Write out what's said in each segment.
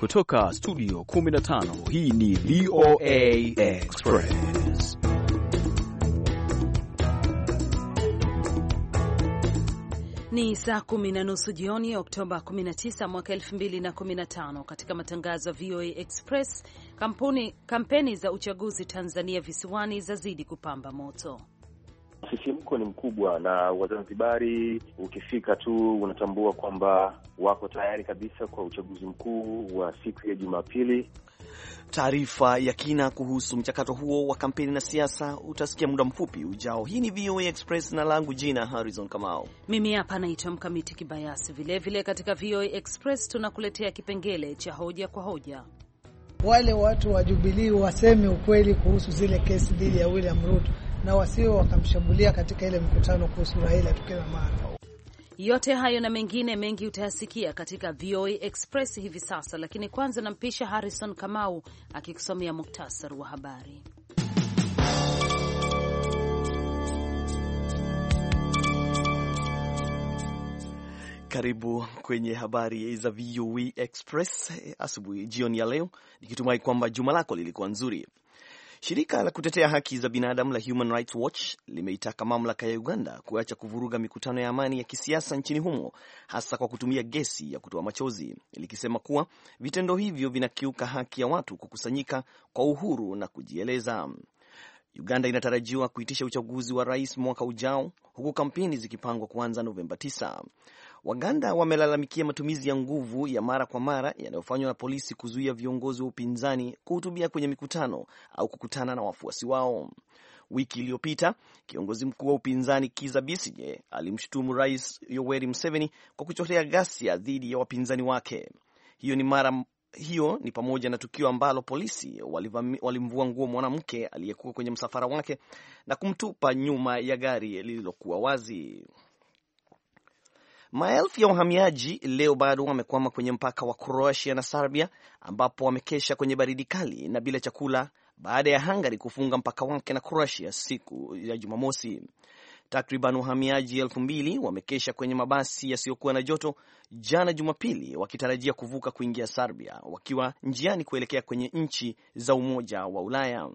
Kutoka studio 15 hii ni VOA Express. Ni saa kumi na nusu jioni Oktoba 19 mwaka 2015. Katika matangazo ya VOA Express, kampuni kampeni za uchaguzi Tanzania visiwani zazidi kupamba moto msisimko ni mkubwa, na Wazanzibari ukifika tu unatambua kwamba wako tayari kabisa kwa uchaguzi mkuu wa siku ya Jumapili. Taarifa ya kina kuhusu mchakato huo wa kampeni na siasa utasikia muda mfupi ujao. Hii ni VOA Express na langu jina Harrison Kamao, mimi hapa naitwa Mkamiti Kibayasi. Vilevile katika VOA Express tunakuletea kipengele cha hoja kwa hoja. Wale watu wa Jubilii waseme ukweli kuhusu zile kesi dhidi ya William Ruto na wasiwe wakamshambulia katika ile mkutano kuhusu Raila tukila mara. Yote hayo na mengine mengi utayasikia katika VOA Express hivi sasa, lakini kwanza nampisha Harrison Kamau akikusomea muktasari wa habari. Karibu kwenye habari za VOA Express eh, asubuhi, jioni ya leo, nikitumai kwamba juma lako lilikuwa nzuri. Shirika la kutetea haki za binadamu la Human Rights Watch limeitaka mamlaka ya Uganda kuacha kuvuruga mikutano ya amani ya kisiasa nchini humo, hasa kwa kutumia gesi ya kutoa machozi, likisema kuwa vitendo hivyo vinakiuka haki ya watu kukusanyika kwa uhuru na kujieleza. Uganda inatarajiwa kuitisha uchaguzi wa rais mwaka ujao, huku kampeni zikipangwa kuanza Novemba 9. Waganda wamelalamikia matumizi ya nguvu ya mara kwa mara yanayofanywa na polisi kuzuia viongozi wa upinzani kuhutubia kwenye mikutano au kukutana na wafuasi wao. Wiki iliyopita kiongozi mkuu wa upinzani Kiza Bisije alimshutumu Rais Yoweri Museveni kwa kuchochea ghasia dhidi ya wapinzani wake. Hiyo ni mara hiyo ni pamoja na tukio ambalo polisi walimvua nguo mwanamke aliyekuwa kwenye msafara wake na kumtupa nyuma ya gari lililokuwa wazi. Maelfu ya wahamiaji leo bado wamekwama kwenye mpaka wa Croatia na Serbia, ambapo wamekesha kwenye baridi kali na bila chakula baada ya Hungary kufunga mpaka wake na Croatia siku ya Jumamosi. Takriban wahamiaji elfu mbili wamekesha kwenye mabasi yasiyokuwa na joto jana Jumapili, wakitarajia kuvuka kuingia Serbia, wakiwa njiani kuelekea kwenye nchi za Umoja wa Ulaya.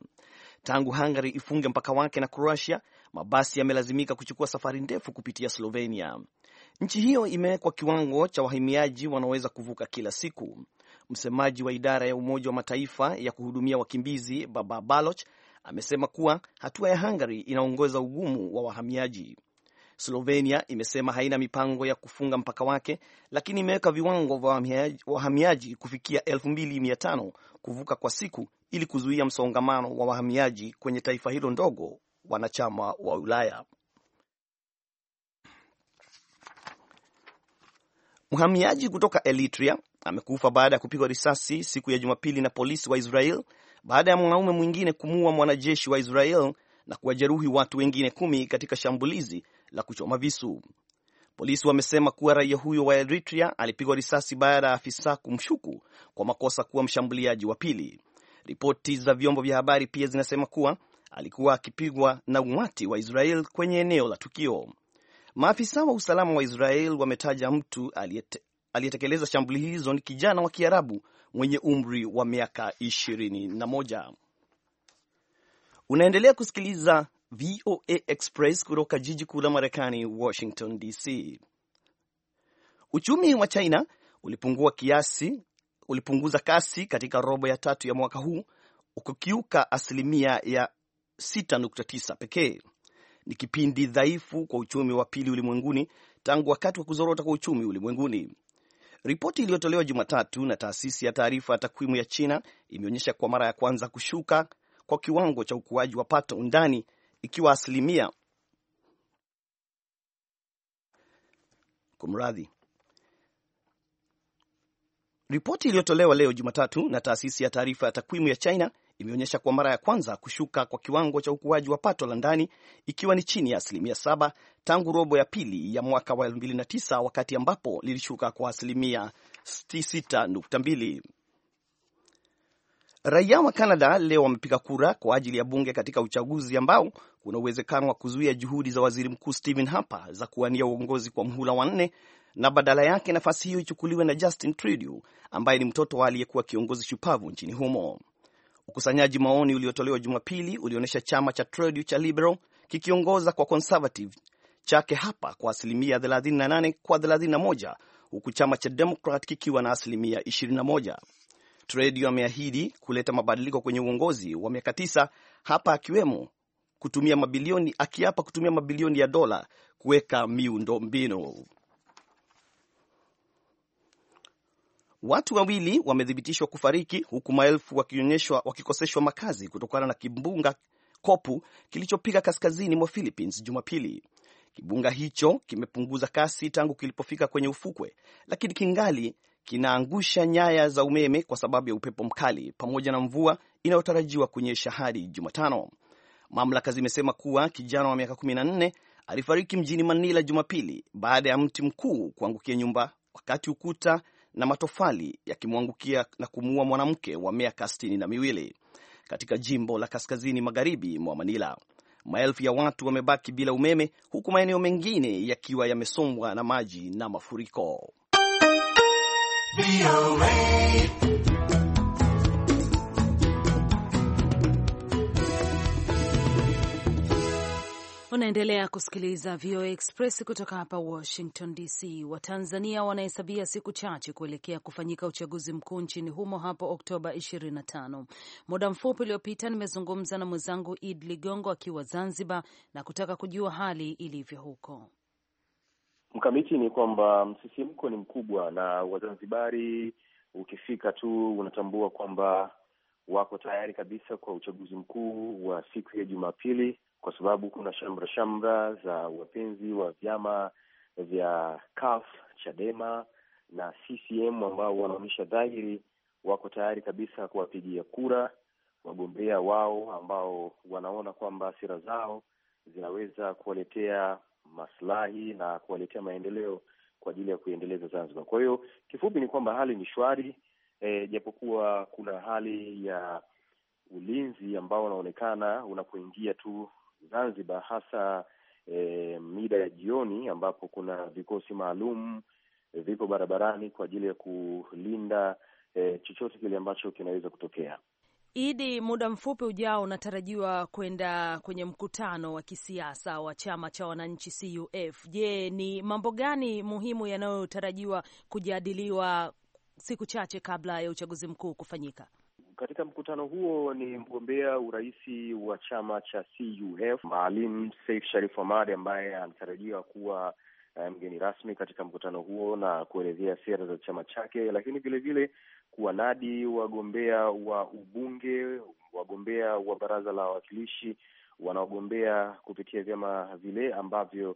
Tangu Hungary ifunge mpaka wake na Croatia, mabasi yamelazimika kuchukua safari ndefu kupitia Slovenia. Nchi hiyo imewekwa kiwango cha wahamiaji wanaoweza kuvuka kila siku. Msemaji wa idara ya Umoja wa Mataifa ya kuhudumia wakimbizi Baba Baloch amesema kuwa hatua ya Hungary inaongeza ugumu wa wahamiaji. Slovenia imesema haina mipango ya kufunga mpaka wake, lakini imeweka viwango vya wahamiaji, kufikia 2500 kuvuka kwa siku ili kuzuia msongamano wa wahamiaji kwenye taifa hilo ndogo wanachama wa Ulaya. Mhamiaji kutoka Eritrea amekufa baada ya kupigwa risasi siku ya Jumapili na polisi wa Israel baada ya mwanaume mwingine kumuua mwanajeshi wa Israel na kuwajeruhi watu wengine kumi katika shambulizi la kuchoma visu. Polisi wamesema kuwa raia huyo wa Eritrea alipigwa risasi baada ya afisa kumshuku kwa makosa kuwa mshambuliaji wa pili. Ripoti za vyombo vya habari pia zinasema kuwa alikuwa akipigwa na umati wa Israel kwenye eneo la tukio. Maafisa wa usalama wa Israel wametaja mtu aliyetekeleza shambuli hizo ni kijana wa Kiarabu mwenye umri wa miaka 21. Unaendelea kusikiliza VOA Express kutoka jiji kuu la Marekani, Washington DC. Uchumi wa China ulipungua kiasi, ulipunguza kasi katika robo ya tatu ya mwaka huu ukukiuka asilimia ya 6.9 pekee ni kipindi dhaifu kwa uchumi wa pili ulimwenguni tangu wakati wa kuzorota kwa uchumi ulimwenguni. Ripoti iliyotolewa Jumatatu na taasisi ya taarifa ya takwimu ya China imeonyesha kwa mara ya kwanza kushuka kwa kiwango cha ukuaji wa pato undani ikiwa asilimia kumradhi. Ripoti iliyotolewa leo Jumatatu na taasisi ya taarifa ya takwimu ya China imeonyesha kwa mara ya kwanza kushuka kwa kiwango cha ukuaji wa pato la ndani ikiwa ni chini ya asilimia saba tangu robo ya pili ya mwaka wa 2009 wakati ambapo lilishuka kwa asilimia 6.2. Raia wa Canada leo wamepiga kura kwa ajili ya bunge katika uchaguzi ambao kuna uwezekano wa kuzuia juhudi za waziri mkuu Stephen Harper za kuwania uongozi kwa mhula wa nne na badala yake nafasi hiyo ichukuliwe na Justin Trudeau ambaye ni mtoto wa aliyekuwa kiongozi shupavu nchini humo. Ukusanyaji maoni uliotolewa Jumapili ulionyesha chama cha Trudeau cha Liberal kikiongoza kwa Conservative chake hapa kwa asilimia 38 kwa 31 huku chama cha Democrat kikiwa na asilimia 21. Trudeau ameahidi kuleta mabadiliko kwenye uongozi wa miaka tisa hapa, akiwemo kutumia mabilioni, akiapa kutumia mabilioni ya dola kuweka miundo mbinu. Watu wawili wamethibitishwa kufariki huku maelfu wakionyeshwa wakikoseshwa makazi kutokana na kimbunga Kopu kilichopiga kaskazini mwa Philippines Jumapili. Kimbunga hicho kimepunguza kasi tangu kilipofika kwenye ufukwe, lakini kingali kinaangusha nyaya za umeme kwa sababu ya upepo mkali pamoja na mvua inayotarajiwa kunyesha hadi Jumatano. Mamlaka zimesema kuwa kijana wa miaka 14 alifariki mjini Manila Jumapili baada ya mti mkuu kuangukia nyumba wakati ukuta na matofali yakimwangukia na kumuua mwanamke wa miaka sitini na miwili katika jimbo la kaskazini magharibi mwa Manila. Maelfu ya watu wamebaki bila umeme huku maeneo mengine yakiwa yamesombwa na maji na mafuriko. Unaendelea kusikiliza VOA Express kutoka hapa Washington DC. Watanzania wanahesabia siku chache kuelekea kufanyika uchaguzi mkuu nchini humo hapo Oktoba 25. Muda mfupi uliopita nimezungumza na mwenzangu Id Ligongo akiwa Zanzibar na kutaka kujua hali ilivyo huko. Mkamiti, ni kwamba msisimko ni mkubwa na Wazanzibari ukifika tu unatambua kwamba wako tayari kabisa kwa uchaguzi mkuu wa siku ya Jumapili kwa sababu kuna shamra shamra za wapenzi wa vyama vya CUF, Chadema na CCM ambao wanaonyesha dhahiri wako tayari kabisa kuwapigia kura wagombea wao ambao wanaona kwamba sera zao zinaweza kuwaletea maslahi na kuwaletea maendeleo kwa ajili ya kuendeleza Zanzibar. Kwa hiyo kifupi ni kwamba hali ni shwari, e, japokuwa kuna hali ya ulinzi ambao unaonekana unapoingia tu Zanzibar, hasa e, mida ya jioni ambapo kuna vikosi maalum e, vipo barabarani kwa ajili ya kulinda e, chochote kile ambacho kinaweza kutokea. Idi, muda mfupi ujao unatarajiwa kwenda kwenye mkutano wa kisiasa wa chama cha wananchi CUF. Je, ni mambo gani muhimu yanayotarajiwa kujadiliwa siku chache kabla ya uchaguzi mkuu kufanyika? Katika mkutano huo ni mgombea urais wa chama cha CUF Maalim Seif Sharif Hamad ambaye anatarajiwa kuwa eh, mgeni rasmi katika mkutano huo na kuelezea sera za chama chake, lakini vilevile kuwanadi wagombea wa ubunge, wagombea wa baraza la wawakilishi wanaogombea kupitia vyama vile ambavyo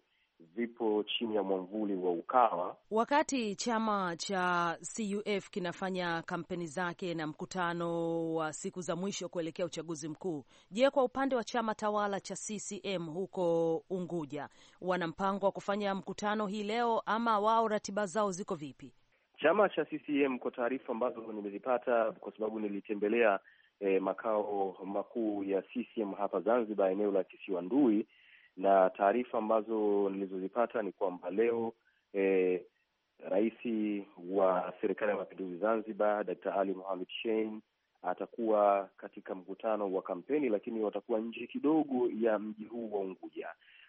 zipo chini ya mwamvuli wa Ukawa. Wakati chama cha CUF kinafanya kampeni zake na mkutano wa siku za mwisho kuelekea uchaguzi mkuu, je, kwa upande wa chama tawala cha CCM huko Unguja, wana mpango wa kufanya mkutano hii leo ama wao ratiba zao ziko vipi? Chama cha CCM kwa taarifa ambazo nimezipata, kwa sababu nilitembelea eh, makao makuu ya CCM hapa Zanzibar, eneo la kisiwa ndui na taarifa ambazo nilizozipata ni kwamba leo eh, Rais wa Serikali ya Mapinduzi Zanzibar Dkt. Ali Mohamed Shein atakuwa katika mkutano wa kampeni, lakini watakuwa nje kidogo ya mji huu wa Unguja.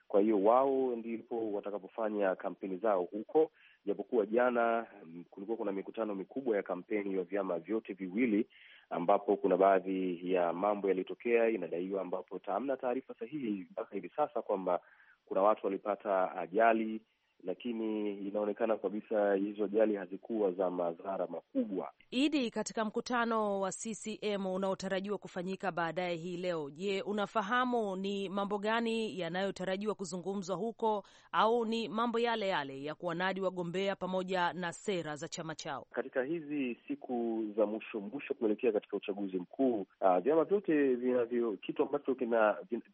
Kwa hiyo wao ndipo watakapofanya kampeni zao huko, japokuwa jana mm, kulikuwa kuna mikutano mikubwa ya kampeni ya vyama vyote viwili ambapo kuna baadhi ya mambo yaliyotokea, inadaiwa ambapo hamna taarifa sahihi mpaka hivi sasa kwamba kuna watu walipata ajali lakini inaonekana kabisa hizo ajali hazikuwa za madhara makubwa. Idi, katika mkutano wa CCM unaotarajiwa kufanyika baadaye hii leo, je, unafahamu ni mambo gani yanayotarajiwa kuzungumzwa huko au ni mambo yale yale ya kuwanadi wagombea pamoja na sera za chama chao? Katika hizi siku za mwisho mwisho kuelekea katika uchaguzi mkuu, ah, vyama vyote vinavyo, kitu ambacho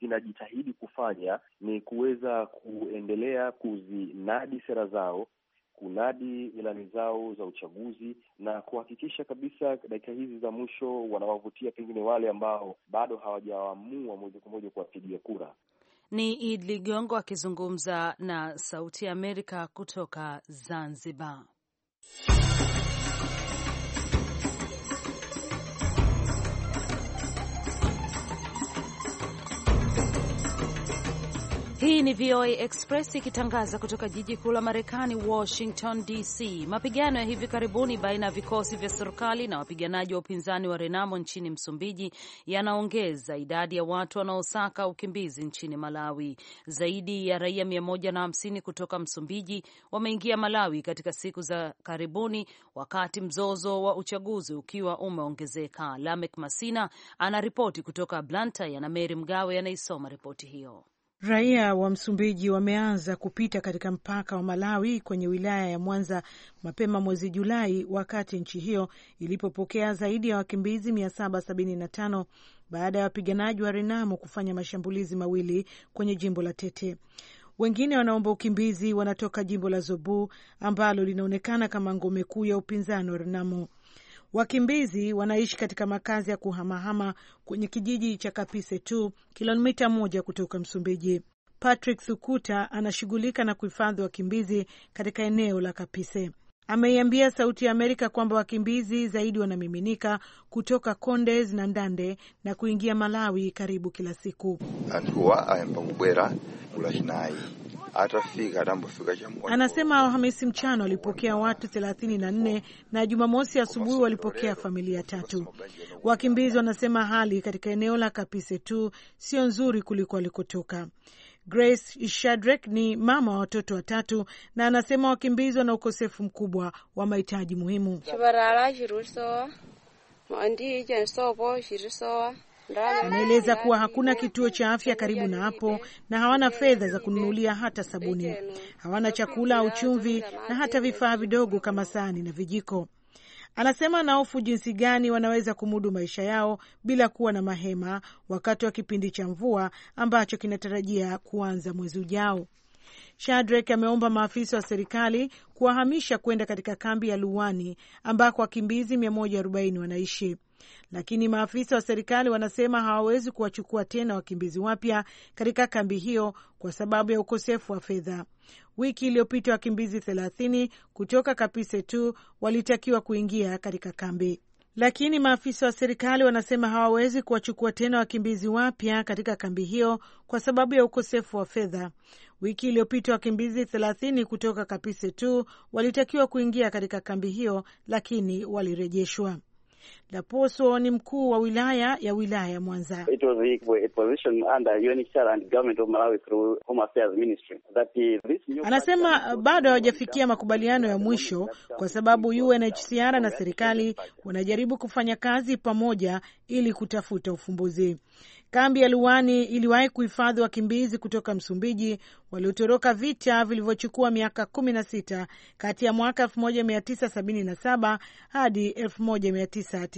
vinajitahidi kufanya ni kuweza kuendelea kuzina kunadi sera zao, kunadi ilani zao za uchaguzi na kuhakikisha kabisa dakika hizi za mwisho wanawavutia pengine wale ambao bado hawajawamua moja kwa moja kuwapigia kura. Ni id Ligongo akizungumza na Sauti ya Amerika kutoka Zanzibar. Hii ni VOA Express ikitangaza kutoka jiji kuu la Marekani, Washington DC. Mapigano ya hivi karibuni baina ya vikosi vya serikali na wapiganaji wa upinzani wa Renamo nchini Msumbiji yanaongeza idadi ya watu wanaosaka ukimbizi nchini Malawi. Zaidi ya raia 150 kutoka Msumbiji wameingia Malawi katika siku za karibuni, wakati mzozo wa uchaguzi ukiwa umeongezeka. Lamek Masina anaripoti kutoka Blantyre na Meri Mgawe anaisoma ripoti hiyo. Raia wa Msumbiji wameanza kupita katika mpaka wa Malawi kwenye wilaya ya Mwanza mapema mwezi Julai, wakati nchi hiyo ilipopokea zaidi ya wakimbizi 775 baada ya wapiganaji wa Renamo kufanya mashambulizi mawili kwenye jimbo la Tete. Wengine wanaomba ukimbizi wanatoka jimbo la Zobu ambalo linaonekana kama ngome kuu ya upinzani wa Renamo. Wakimbizi wanaishi katika makazi ya kuhamahama kwenye kijiji cha Kapise tu kilomita moja kutoka Msumbiji. Patrick Sukuta anashughulika na kuhifadhi wakimbizi katika eneo la Kapise. Ameiambia Sauti ya Amerika kwamba wakimbizi zaidi wanamiminika kutoka Kondes na Ndande na kuingia Malawi karibu kila siku atafika atambofika Jamhuri. Anasema Alhamisi mchana walipokea watu 34 na Jumamosi asubuhi walipokea familia tatu. Wakimbizi wanasema hali katika eneo la Kapise tu sio nzuri kuliko walikotoka. Grace Shadrack ni mama wa watoto watatu na anasema wakimbizwa na ukosefu mkubwa wa mahitaji muhimu. Anaeleza kuwa hakuna kituo cha afya karibu na hapo na hawana fedha za kununulia hata sabuni. Hawana chakula au chumvi na hata vifaa vidogo kama sahani na vijiko. Anasema anahofu jinsi gani wanaweza kumudu maisha yao bila kuwa na mahema wakati wa kipindi cha mvua ambacho kinatarajia kuanza mwezi ujao. shadrek ameomba maafisa wa serikali kuwahamisha kwenda katika kambi ya Luwani ambako wakimbizi 140 wanaishi lakini maafisa wa serikali wanasema hawawezi kuwachukua tena wakimbizi wapya katika kambi hiyo kwa sababu ya ukosefu wa fedha. Wiki iliyopita wakimbizi thelathini kutoka Kapise tu walitakiwa kuingia katika kambi lakini maafisa wa serikali wanasema hawawezi kuwachukua tena wakimbizi wapya katika kambi hiyo kwa sababu ya ukosefu wa fedha. Wiki iliyopita wakimbizi thelathini kutoka Kapise tu walitakiwa kuingia katika kambi hiyo, lakini walirejeshwa. Laposo ni mkuu wa wilaya ya wilaya ya Mwanza. Anasema bado hawajafikia makubaliano ya mwisho kwa sababu UNHCR na serikali wanajaribu kufanya kazi pamoja ili kutafuta ufumbuzi. Kambi ya Luwani iliwahi kuhifadhi wakimbizi kutoka Msumbiji waliotoroka vita vilivyochukua miaka kumi na sita kati ya mwaka 1977 hadi 1990.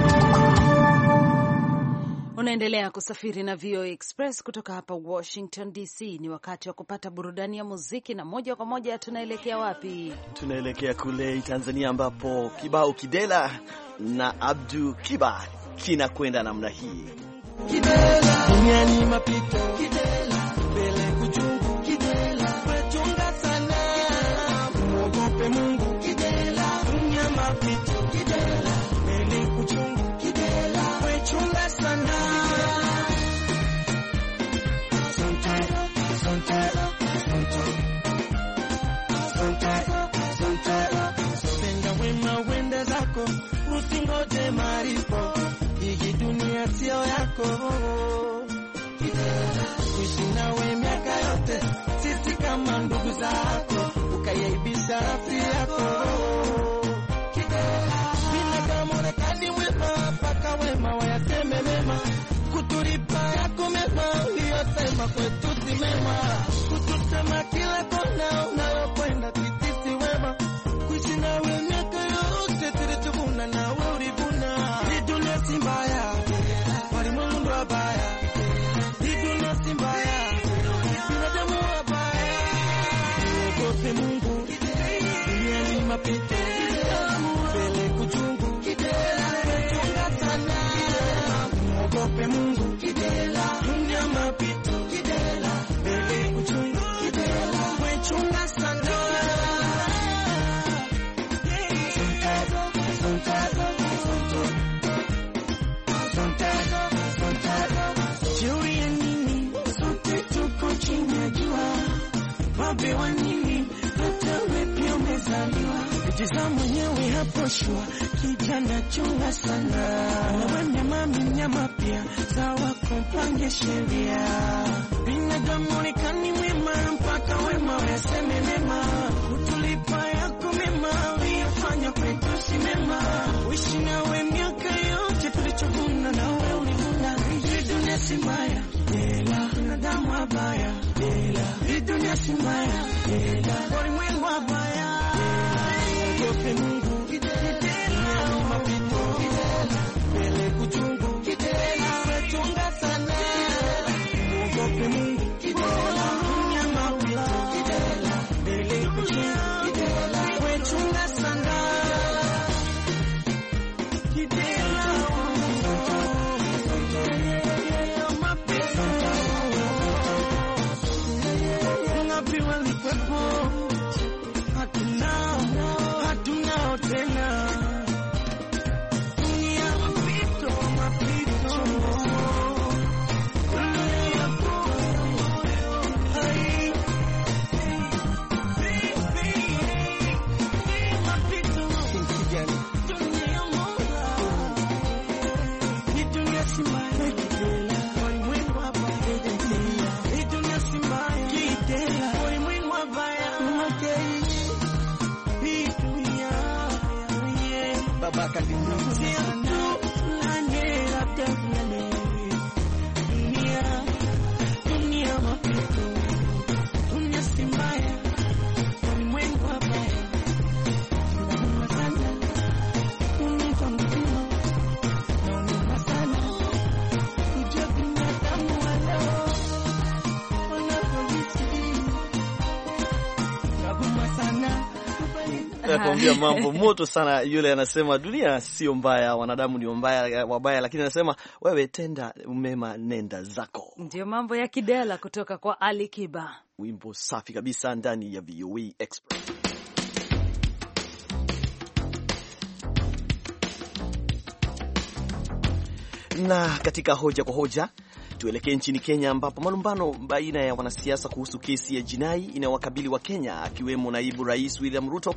Unaendelea kusafiri na VOA Express kutoka hapa Washington DC. Ni wakati wa kupata burudani ya muziki, na moja kwa moja tunaelekea wapi? Tunaelekea kule Tanzania, ambapo kibao Kidela na Abdu Kiba kinakwenda namna hii Kidela. ngoje maripo, hii dunia sio yako. Kuishi nawe miaka yote, sisi kama ndugu zako, ukaiaibisha rafiki yako mpaka wema wayaseme mema, kutulipa yako mema, hiyo kwetu si mema, kutusema kila kona be there. Tizama mwenyewe hapo shua, kijana chunga sana, wewe mami mnyama pia, sawa kumpange sheria. Binadamu nikani mwema, mpaka wema waseme mema, kutulipa yako mema, uliyofanya kwetu si mema, uishi nawe miaka yote, tulichokuna nawe ulikuna. Hii dunia si mbaya, ila tunadamu wabaya, ila hii dunia si mbaya, ila anakuambia mambo moto sana yule, anasema dunia sio mbaya, wanadamu ndio mbaya wabaya, lakini anasema wewe tenda mema, nenda zako. Ndio mambo ya Kidela kutoka kwa Ali Kiba, wimbo safi kabisa ndani ya VOA e Express. Na katika hoja kwa hoja Tuelekee nchini Kenya ambapo malumbano baina ya wanasiasa kuhusu kesi ya jinai inayowakabili wa Kenya akiwemo naibu rais William Ruto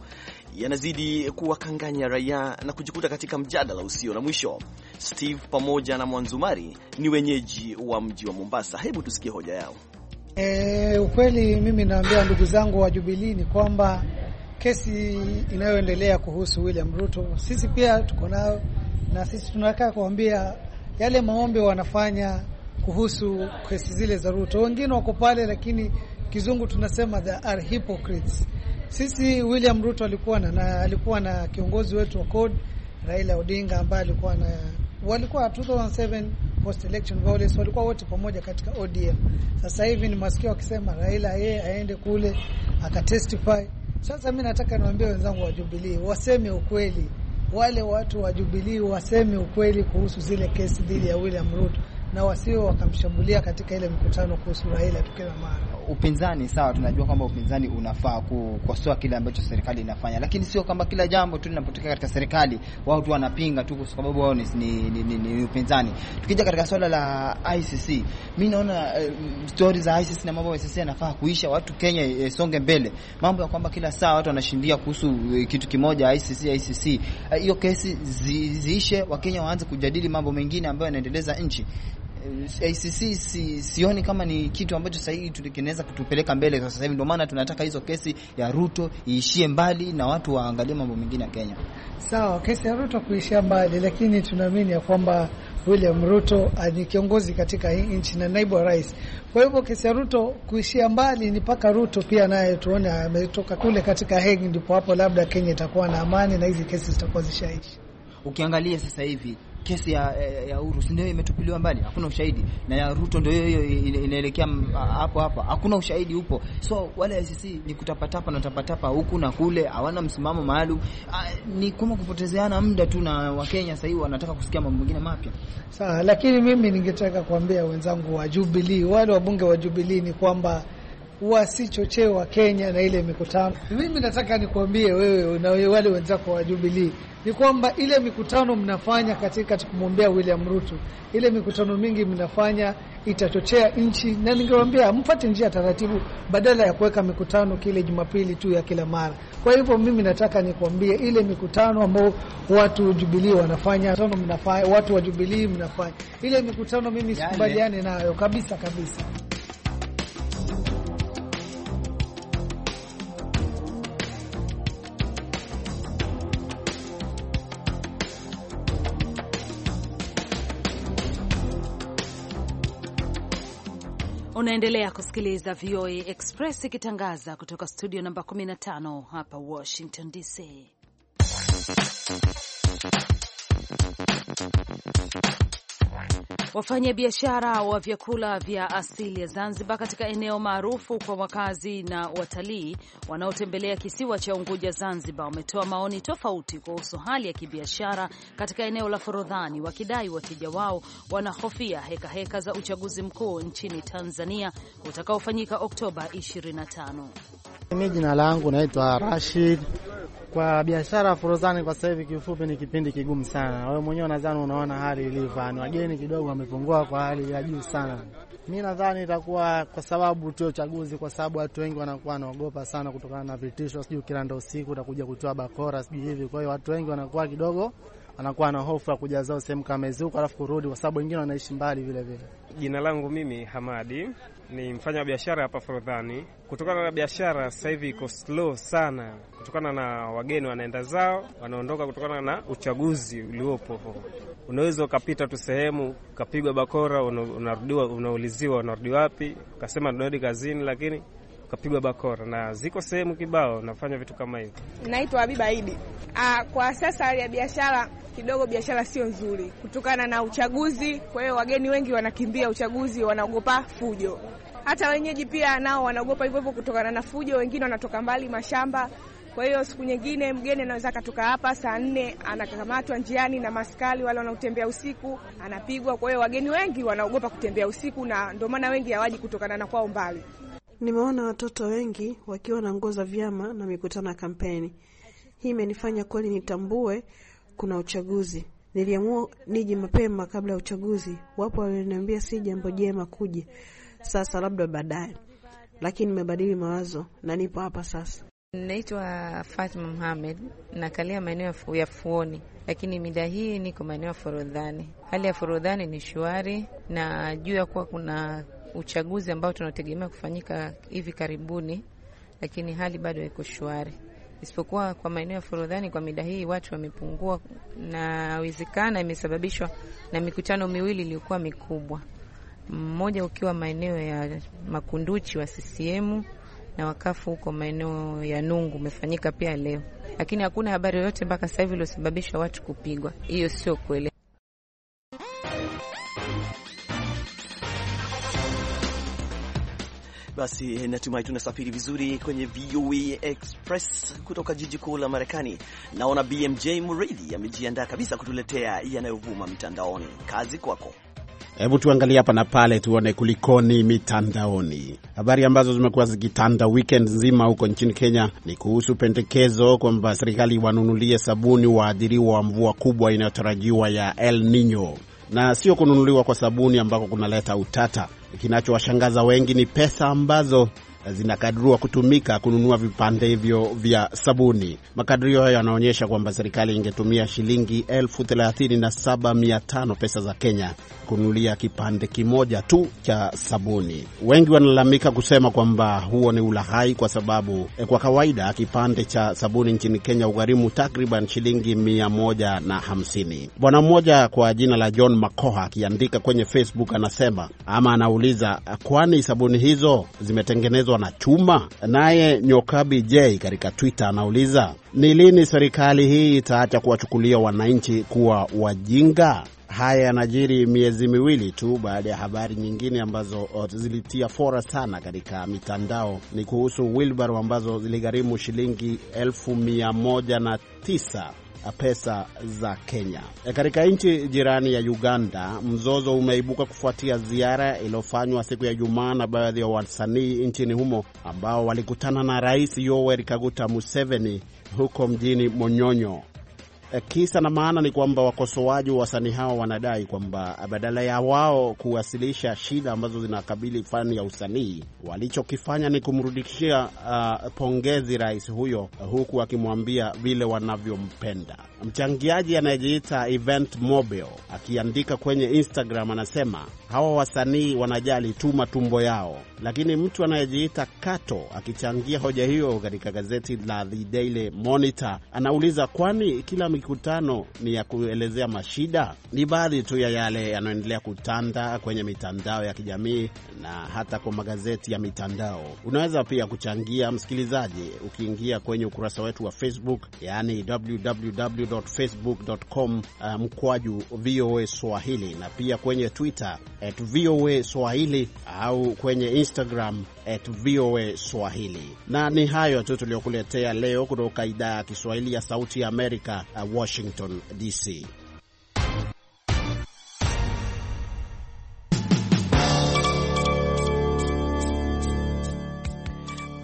yanazidi kuwakanganya raia na kujikuta katika mjadala usio na mwisho. Steve pamoja na Mwanzumari ni wenyeji wa mji wa Mombasa. Hebu tusikie hoja yao. E, ukweli mimi naambia ndugu zangu wa jubilii ni kwamba kesi inayoendelea kuhusu William Ruto sisi pia tuko nayo, na sisi tunataka kuambia yale maombi wanafanya kuhusu kesi zile za Ruto. Wengine wako pale, lakini kizungu tunasema they are hypocrites. Sisi William Ruto alikuwa na, na alikuwa na kiongozi wetu wa CORD Raila Odinga ambaye alikuwa na walikuwa 2007 post election violence, walikuwa wote pamoja katika ODM. Sasa hivi ni masikio wakisema Raila yeye aende kule akatestify. Sasa mimi nataka niwaambie wenzangu wa Jubilee waseme ukweli, wale watu wa Jubilee waseme ukweli kuhusu zile kesi dhidi ya William Ruto na wasio wakamshambulia katika ile mkutano kuhusu Raila tukio la mara. Upinzani sawa, tunajua kwamba upinzani unafaa kukosoa kile ambacho serikali inafanya, lakini sio kwamba kila jambo tu linapotokea katika serikali wao tu wanapinga tu kwa sababu wao ni, ni, ni, ni ni upinzani. Tukija katika swala la ICC, mimi naona uh, story za ICC na mambo ya ICC yanafaa kuisha, watu Kenya uh, songe mbele. Mambo ya kwamba kila saa watu wanashindia kuhusu uh, kitu kimoja ICC ICC, hiyo uh, kesi zi, ziishe, Wakenya waanze kujadili mambo mengine ambayo yanaendeleza nchi. Eh, eh, ICC si, sioni kama ni kitu ambacho sahihi kinaweza kutupeleka mbele kwa sasa hivi. Ndio maana tunataka hizo kesi ya Ruto iishie mbali na watu waangalie mambo mengine ya Kenya. Sawa, kesi ya Ruto kuishia mbali, lakini tunaamini ya kwamba William Ruto ni kiongozi katika nchi na naibu wa rais. Kwa hivyo kesi ya Ruto kuishia mbali ni mpaka Ruto pia naye tuone ametoka kule katika Hague, ndipo hapo labda Kenya itakuwa na amani na hizi kesi zitakuwa zishaishi. Ukiangalia sasa hivi kesi ya, eh, ya si ndio imetupiliwa mbali, hakuna ushahidi, na ya Ruto ndio hiyo inaelekea ah, hapo hapo, hakuna ushahidi upo. So wale ICC ni kutapatapa na tapatapa huku na kule, hawana msimamo maalum, ah, ni kama kupotezeana muda tu, na Wakenya sasa hivi wanataka kusikia mambo mengine mapya. Sawa, lakini mimi ningetaka kuambia wenzangu wa Jubilee, wale wabunge wa Jubilee ni kwamba wasichochewa kenya na ile mikutano. Mimi nataka nikuambie wewe na wale wenzako wa Jubilee ni kwamba ile mikutano mnafanya katika kumwombea William Ruto, ile mikutano mingi mnafanya itachochea nchi, na ningewaambia mfuate njia taratibu, badala ya kuweka mikutano kile Jumapili tu ya kila mara. Kwa hivyo mimi nataka nikwambie ile mikutano ambayo watu Jubilii wanafanya, mnafanya watu wa Jubilii mnafanya ile mikutano, mimi yaani sikubaliani nayo kabisa kabisa. Unaendelea kusikiliza VOA Express ikitangaza kutoka studio namba 15 hapa Washington DC. Wafanyabiashara wa vyakula vya asili ya Zanzibar katika eneo maarufu kwa wakazi na watalii wanaotembelea kisiwa cha Unguja, Zanzibar, wametoa maoni tofauti kuhusu hali ya kibiashara katika eneo la Forodhani, wakidai wateja wao wanahofia hekaheka za uchaguzi mkuu nchini Tanzania utakaofanyika Oktoba 25. Mimi jina langu naitwa Rashid. Kwa biashara ya Forodhani kwa sasa hivi, kiufupi ni kipindi kigumu sana. Wewe mwenyewe nadhani unaona hali ilivyo, ni wageni kidogo wamepungua kwa hali ya juu sana. Mi nadhani itakuwa kwa sababu tu uchaguzi, kwa sababu watu wengi wanakuwa wanaogopa sana kutokana na vitisho, sijui kila ndo usiku utakuja kutoa bakora sijui hivi. Kwa hiyo watu wengi wanakuwa kidogo anakuwa na hofu ya kuja zao sehemu kama hizo, alafu kurudi, kwa sababu wengine wanaishi mbali vile vile. Jina langu mimi Hamadi ni mfanya biashara hapa Forodhani. Kutokana na biashara sasa hivi iko slow sana, kutokana na wageni wanaenda zao, wanaondoka, kutokana na uchaguzi uliopo. Unaweza ukapita tu sehemu ukapigwa bakora, unarudiwa, unauliziwa unarudi wapi, ukasema tunarudi kazini, lakini ukapigwa bakora, na ziko sehemu kibao nafanya vitu kama hivyo. Naitwa Habiba Idi. Ah, kwa sasa hali ya biashara kidogo, biashara sio nzuri kutokana na uchaguzi. Kwa hiyo wageni wengi wanakimbia uchaguzi, wanaogopa fujo hata wenyeji pia nao wanaogopa hivyo hivyo, kutokana na fujo. Wengine wanatoka mbali mashamba. Kwa hiyo siku nyingine mgeni anaweza akatoka hapa saa nne anakamatwa njiani na maskari wale wanaotembea usiku, anapigwa. Kwa hiyo wageni wengi wanaogopa kutembea usiku, na ndio maana wengi hawaji kutokana na kwao mbali. Nimeona watoto wengi wakiwa na nguo za vyama na mikutano ya kampeni. Hii imenifanya kweli nitambue kuna uchaguzi. Niliamua niji mapema kabla ya uchaguzi. Wapo walioniambia si jambo jema kuja sasa, labda baadaye, lakini nimebadili mawazo na nipo hapa sasa. Naitwa Fatma Mohamed, nakalia maeneo ya Fuoni, lakini mida hii niko maeneo ya Forodhani. Hali ya Forodhani ni shwari na juu ya kuwa kuna uchaguzi ambao tunategemea kufanyika hivi karibuni, lakini hali bado iko shwari, isipokuwa kwa maeneo ya Forodhani kwa mida hii watu wamepungua, na wezekana imesababishwa na mikutano miwili iliyokuwa mikubwa, mmoja ukiwa maeneo ya Makunduchi wa CCM na wakafu huko maeneo ya Nungu umefanyika pia leo, lakini hakuna habari yoyote mpaka sasa hivi watu kupigwa. Hiyo sio kweli. Basi eh, natumai tunasafiri vizuri kwenye VOA e Express kutoka jiji kuu la Marekani. Naona BMJ Muridhi amejiandaa kabisa kutuletea yanayovuma mitandaoni. Kazi kwako. Hebu tuangalie hapa na pale, tuone kulikoni mitandaoni. Habari ambazo zimekuwa zikitanda weekend nzima huko nchini Kenya ni kuhusu pendekezo kwamba serikali wanunulie sabuni waadhiriwa wa mvua kubwa inayotarajiwa ya El Nino, na sio kununuliwa kwa sabuni ambako kunaleta utata Kinachowashangaza wengi ni pesa ambazo zinakadiriwa kutumika kununua vipande hivyo vya sabuni. Makadirio hayo yanaonyesha kwamba serikali ingetumia shilingi 375 pesa za Kenya kununulia kipande kimoja tu cha sabuni. Wengi wanalalamika kusema kwamba huo ni ulahai, kwa sababu e, kwa kawaida kipande cha sabuni nchini Kenya ugharimu takriban shilingi 150. Bwana mmoja kwa jina la John Makoha akiandika kwenye Facebook anasema ama anauliza, kwani sabuni hizo zimetengenezwa kutengenezwa na chuma? Naye Nyokabi J katika Twitter anauliza ni lini serikali hii itaacha kuwachukulia wananchi kuwa wajinga? Haya yanajiri miezi miwili tu baada ya habari nyingine ambazo zilitia fora sana katika mitandao, ni kuhusu wilbaro ambazo ziligharimu shilingi elfu mia moja na tisa Eh, pesa za Kenya. E, katika nchi jirani ya Uganda, mzozo umeibuka kufuatia ziara iliyofanywa siku ya Jumaa na baadhi ya wasanii nchini humo ambao walikutana na Rais Yoweri Kaguta Museveni huko mjini Monyonyo. Eh, kisa na maana ni kwamba wakosoaji wa wasanii hao wanadai kwamba eh, badala ya wao kuwasilisha shida ambazo zinakabili fani ya usanii, walichokifanya ni kumrudikishia uh, eh, pongezi rais huyo, huku akimwambia vile wanavyompenda. Mchangiaji anayejiita Event Mobile akiandika kwenye Instagram anasema hawa wasanii wanajali tu matumbo yao, lakini mtu anayejiita Kato akichangia hoja hiyo katika gazeti la The Daily Monitor anauliza kwani kila mikutano ni ya kuelezea mashida. Ni baadhi tu ya yale yanayoendelea kutanda kwenye mitandao ya kijamii na hata kwa magazeti ya mitandao. Unaweza pia kuchangia, msikilizaji, ukiingia kwenye ukurasa wetu wa Facebook, yaani www.facebook.com uh, mkwaju VOA Swahili, na pia kwenye Twitter at VOA Swahili au kwenye Instagram at VOA Swahili. Na ni hayo tu tuliokuletea leo kutoka idhaa ya Kiswahili ya Sauti ya Amerika uh, Washington DC.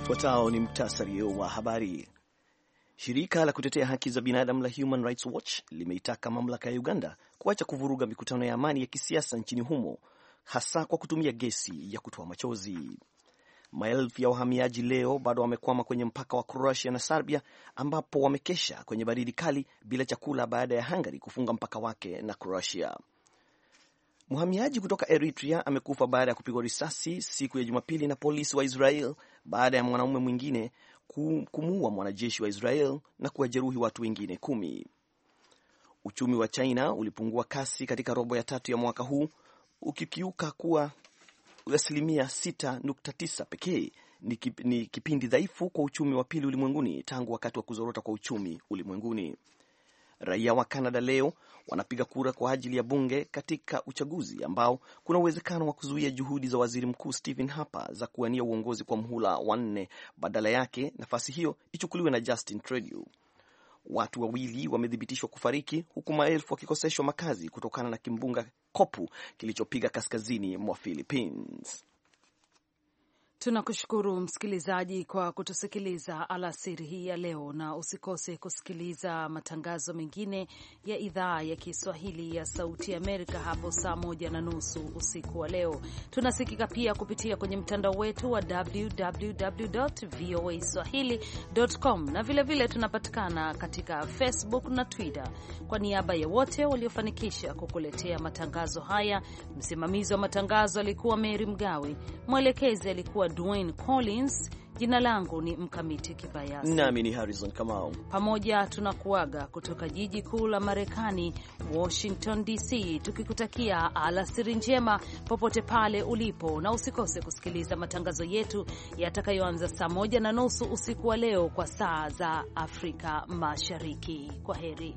Fuatao ni muktasari wa habari. Shirika la kutetea haki za binadamu la Human Rights Watch limeitaka mamlaka ya Uganda kuacha kuvuruga mikutano ya amani ya kisiasa nchini humo hasa kwa kutumia gesi ya kutoa machozi. Maelfu ya wahamiaji leo bado wamekwama kwenye mpaka wa Croatia na Serbia, ambapo wamekesha kwenye baridi kali bila chakula baada ya Hungary kufunga mpaka wake na Croatia. Mhamiaji kutoka Eritrea amekufa baada ya kupigwa risasi siku ya Jumapili na polisi wa Israel baada ya mwanaume mwingine kumuua mwanajeshi wa Israel na kuwajeruhi watu wengine kumi. Uchumi wa China ulipungua kasi katika robo ya tatu ya mwaka huu ukikiuka kuwa asilimia 6.9 pekee ni kipindi dhaifu kwa uchumi wa pili ulimwenguni tangu wakati wa kuzorota kwa uchumi ulimwenguni. Raia wa canada leo wanapiga kura kwa ajili ya bunge katika uchaguzi ambao kuna uwezekano wa kuzuia juhudi za waziri mkuu Stephen Harper za kuwania uongozi kwa mhula wa nne. Badala yake nafasi hiyo ichukuliwe na Justin Trudeau. Watu wawili wamethibitishwa kufariki huku maelfu wakikoseshwa makazi kutokana na kimbunga Kopu kilichopiga kaskazini mwa Philippines. Tunakushukuru msikilizaji kwa kutusikiliza alasiri hii ya leo, na usikose kusikiliza matangazo mengine ya idhaa ya Kiswahili ya Sauti Amerika hapo saa moja na nusu usiku wa leo. Tunasikika pia kupitia kwenye mtandao wetu wa www voa swahili.com, na vilevile vile tunapatikana katika Facebook na Twitter. Kwa niaba ya wote waliofanikisha kukuletea matangazo haya, msimamizi wa matangazo alikuwa mery Mgawe, mwelekezi alikuwa Dwayne Collins. Jina langu ni Mkamiti Kibayasi, nami ni Harrison Kamau. Pamoja tunakuaga kutoka jiji kuu la Marekani, Washington DC, tukikutakia alasiri njema popote pale ulipo, na usikose kusikiliza matangazo yetu yatakayoanza saa moja na nusu usiku wa leo kwa saa za Afrika Mashariki. Kwa heri.